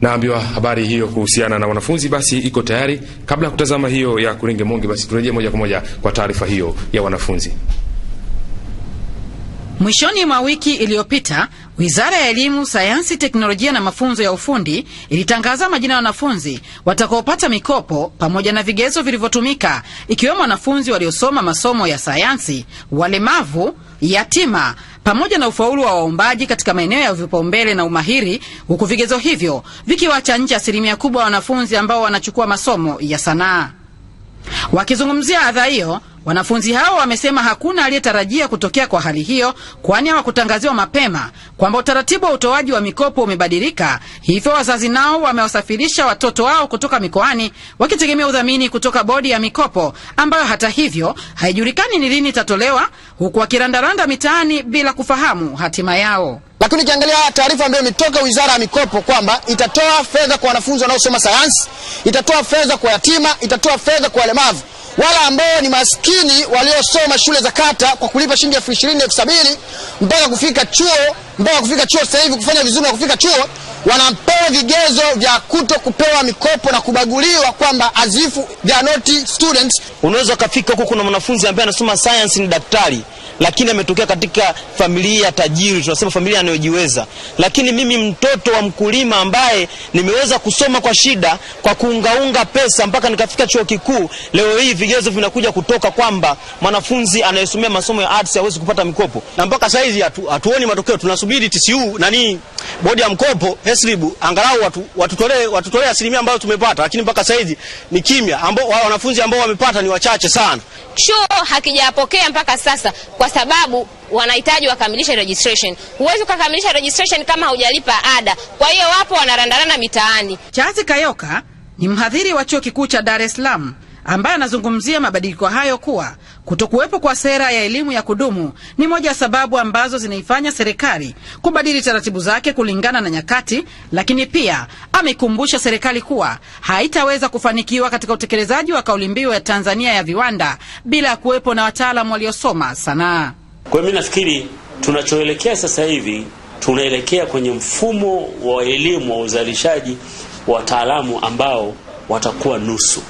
naambiwa habari hiyo kuhusiana na wanafunzi basi iko tayari. Kabla ya kutazama hiyo ya Kuringe Monge, basi turejee moja kwa moja kwa taarifa hiyo ya wanafunzi. Mwishoni mwa wiki iliyopita Wizara ya Elimu, Sayansi, Teknolojia na Mafunzo ya Ufundi ilitangaza majina ya wanafunzi watakaopata mikopo pamoja na vigezo vilivyotumika, ikiwemo wanafunzi waliosoma masomo ya sayansi, walemavu, yatima, pamoja na ufaulu wa waombaji katika maeneo ya vipaumbele na umahiri, huku vigezo hivyo vikiwacha nje asilimia kubwa ya wanafunzi ambao wanachukua masomo ya sanaa. Wakizungumzia adha hiyo, wanafunzi hao wamesema hakuna aliyetarajia kutokea kwa hali hiyo, kwani hawakutangaziwa mapema kwamba utaratibu wa utoaji wa mikopo umebadilika. Hivyo wazazi nao wamewasafirisha watoto wao kutoka mikoani wakitegemea udhamini kutoka bodi ya mikopo, ambayo hata hivyo haijulikani ni lini itatolewa huku wakirandaranda mitaani bila kufahamu hatima yao. Lakini ukiangalia taarifa ambayo imetoka Wizara ya Mikopo kwamba itatoa fedha kwa wanafunzi wanaosoma sayansi, itatoa fedha kwa yatima, itatoa fedha kwa walemavu, wala ambao ni maskini waliosoma shule za kata kwa kulipa shilingi elfu ishirini elfu sabini mpaka kufika chuo mpaka kufika chuo sasa hivi kufanya vizuri na kufika chuo wanampa vile vigezo vya kuto kupewa mikopo na kubaguliwa kwamba azifu they are not students. Unaweza ukafika huko, kuna mwanafunzi ambaye anasoma science, ni daktari lakini ametokea katika familia ya tajiri, tunasema familia anayojiweza. Lakini mimi mtoto wa mkulima ambaye nimeweza kusoma kwa shida, kwa kuungaunga pesa mpaka nikafika chuo kikuu, leo hii vigezo vinakuja kutoka kwamba mwanafunzi anayesomea masomo ya arts hawezi kupata mikopo, na mpaka saizi hatuoni atu, matokeo. Tunasubiri TCU nani, bodi ya mkopo anga angalau watu, watutolee watutolee asilimia ambayo tumepata, lakini mpaka sasa hivi ni kimya, ambao wanafunzi ambao wamepata ni wachache sana. Chuo hakijapokea mpaka sasa kwa sababu wanahitaji wakamilishe registration. Huwezi ukakamilisha registration kama haujalipa ada, kwa hiyo wapo wanarandarana mitaani. Chazi Kayoka ni mhadhiri wa chuo kikuu cha Dar es Salaam ambaye anazungumzia mabadiliko hayo kuwa kutokuwepo kwa sera ya elimu ya kudumu ni moja ya sababu ambazo zinaifanya serikali kubadili taratibu zake kulingana na nyakati, lakini pia ameikumbusha serikali kuwa haitaweza kufanikiwa katika utekelezaji wa kauli mbiu ya Tanzania ya viwanda bila ya kuwepo na wataalamu waliosoma sanaa. Kwa mi nafikiri tunachoelekea sasa hivi tunaelekea kwenye mfumo wa elimu wa uzalishaji wataalamu ambao watakuwa nusu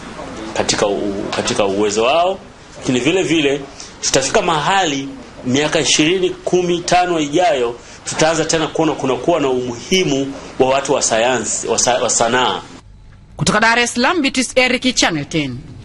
katika, u, katika uwezo wao, lakini vile vile tutafika mahali miaka ishirini kumi tano ijayo tutaanza tena kuona kunakuwa na umuhimu wa watu wa sayansi wa, sa, wa sanaa. Kutoka Dar es Salaam, Beatrice Eric, Channel 10.